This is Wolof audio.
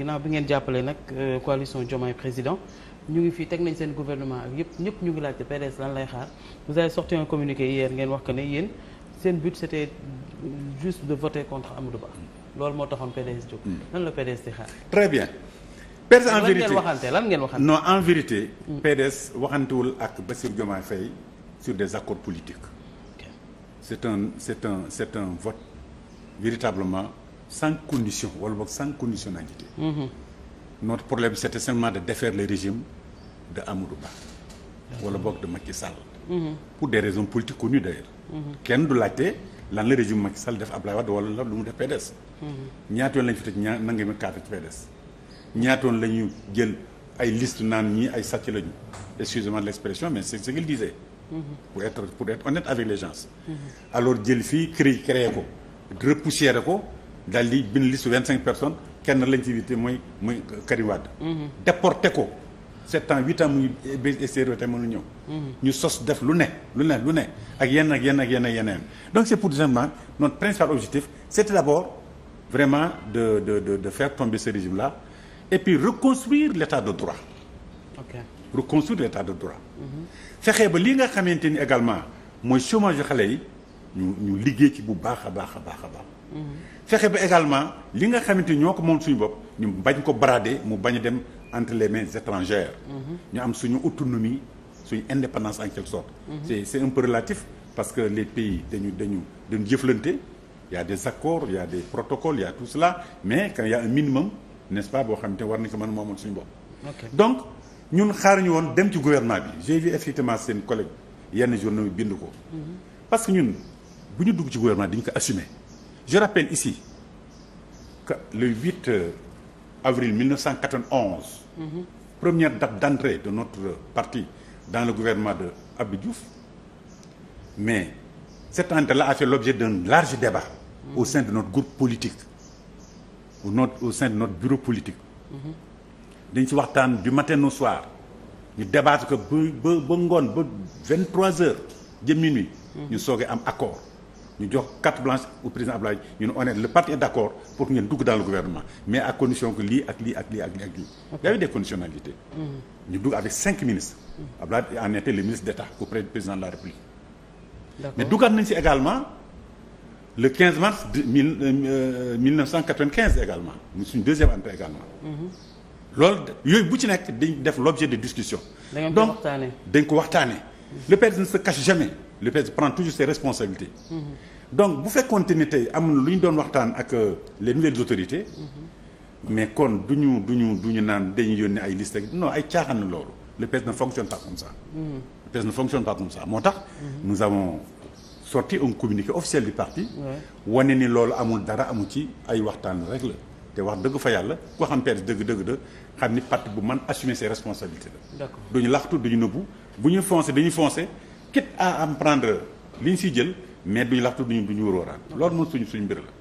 ginnaaw bi ngeen jàppale nag euh, coalition Diomaye président ñu ngi fii teg nañ seen gouvernement ak yëpp ñëpp ñu ngi laajte PDS lan lay xaar vous avez sorti communiqué hier ngeen wax que ne yéen seen but c'était juste de voter contre Amadou Ba loolu moo taxoon PDS jóg. lan hmm. la PDS di xaar. très bien. PDS en vérité lan ngeen waxante lan ngeen waxante. non en vérité. Hmm. PDS waxantewul ak Bassirou Diomaye Faye sur des accords politiques. Okay. c'est un c'est un c'est un vote véritablement. sans condition wala boog sans conditionnalité. Mhm. notre problème c'était seulement de défaire le régime de Amadou Ba. wala boog de Macky Sall. Mhm. pour des raisons politiques connues d'ailleurs. Mhm. kenn du laajte lan la régime Macky Sall def Ablaye Wade wala la lu mu def PDS. ñaata yoon lañ fi tëj ña nangami carte ci PDS. ñaata yoon la jël ay liste naan ñii ay sàcc lañu excusez de l'expression mais c'est ce qu'il disait. pour être pour être honnête avec les gens. alors jël fii créé daal di bind liste vingt cinq personnes kenn lañ ci invité mooy mooy Karim Wade. Mhm. déporté ko sept ans huit ans mu ngi ba extérieur te mënu ñëw. Mhm. ñu sos def lu ne lu ne lu ne ak yenn ak yenn ak yenn ak yeneen donc c' est pour simplement notre principal objectif c' était d' abord vraiment de de de de faire tomber ce régime là et puis reconstruire l' état de droit. ok reconstruire l' état de droit. Mhm. fexe ba li nga xamante ni également mooy chômage yu xale yi. ñu ñu liggéey ci bu baax a baax a baax a baax. fexe ba également li nga xamante ñoo ko moom suñu bopp ñu bañ ko brader mu bañ a dem entre les mains étrangères. Mhm. ñu am suñu autonomie suñu indépendance en quelque sorte. Mhm. c'est c'est relatif parce que les pays dañu dañu dañu jëflante y a des accords y a des protocoles il tout cela mais quand il y a un minimum n'est-ce pas boo xamante war nañ ko mën moom moomal suñu bopp. donc ñun ñu woon dem ci gouvernement bi j'ai vu effectivement seen collègue yenn journaux yi bind ko. Mhm. parce que ñun. bu ñu dugg ci gouvernement dañ ko assumer je rappelle ici que le 8 euh, avril 1991. Mmh. première date d'entrée de notre parti dans le gouvernement de Abdou Diouf mais cette entrée-là a fait l'objet d'un large débat mhm. au sein de notre groupe politique au not au sein de notre bureau politique mhm. dañ ci waxtaan du matin au soir ñu débattre ko ba ba ba ngoon ba 23 heures jëm minuit mhm. ñu soogee am accord ñu jox carte blanche au président Abdoulaye ñu ne on est le parti est d'accord pour que ngeen dugg dans le gouvernement mais à condition que lii ak lii ak lii ak lii ak lii y avait des conditionnalités mm-hmm. ñu dugg avec cinq ministres Abdoulaye en était le ministre d'État auprès du président de la République mais duggaat nañ ci également le 15 mars de mille euh, 1995 également suñu deuxième entrée également mm-hmm. loolu yooyu bu ci nekk dañ def l'objet de discussion donc dañ ko waxtaane le père ne se cache jamais l'UPS prend toujours ses responsabilités donc bu fekkoonte ni tey am lu ñu doon waxtaan ak euh, les nouvelles autorités mais kon du ñu du ñu du ñu naan dañuy yónnee ay liste non ay caaxaan loolu l'UPS ne fonctionne pas comme ça l'UPS ne fonctionne pas comme ça moo tax nous avons sorti un communiqué officiel du parti wone ni loolu amul dara amu ci ay waxtaan rek la te wax dëgg fa yàlla ko xam dëgg dëgg da xam ni parti bu man assumer ses responsabilités la duñu laxtu duñu ñu foncé quitte à en prendre li ñu siy jël mais duñ laxtu duñu duñu wóoraan loolu moom suñu suñ mbir la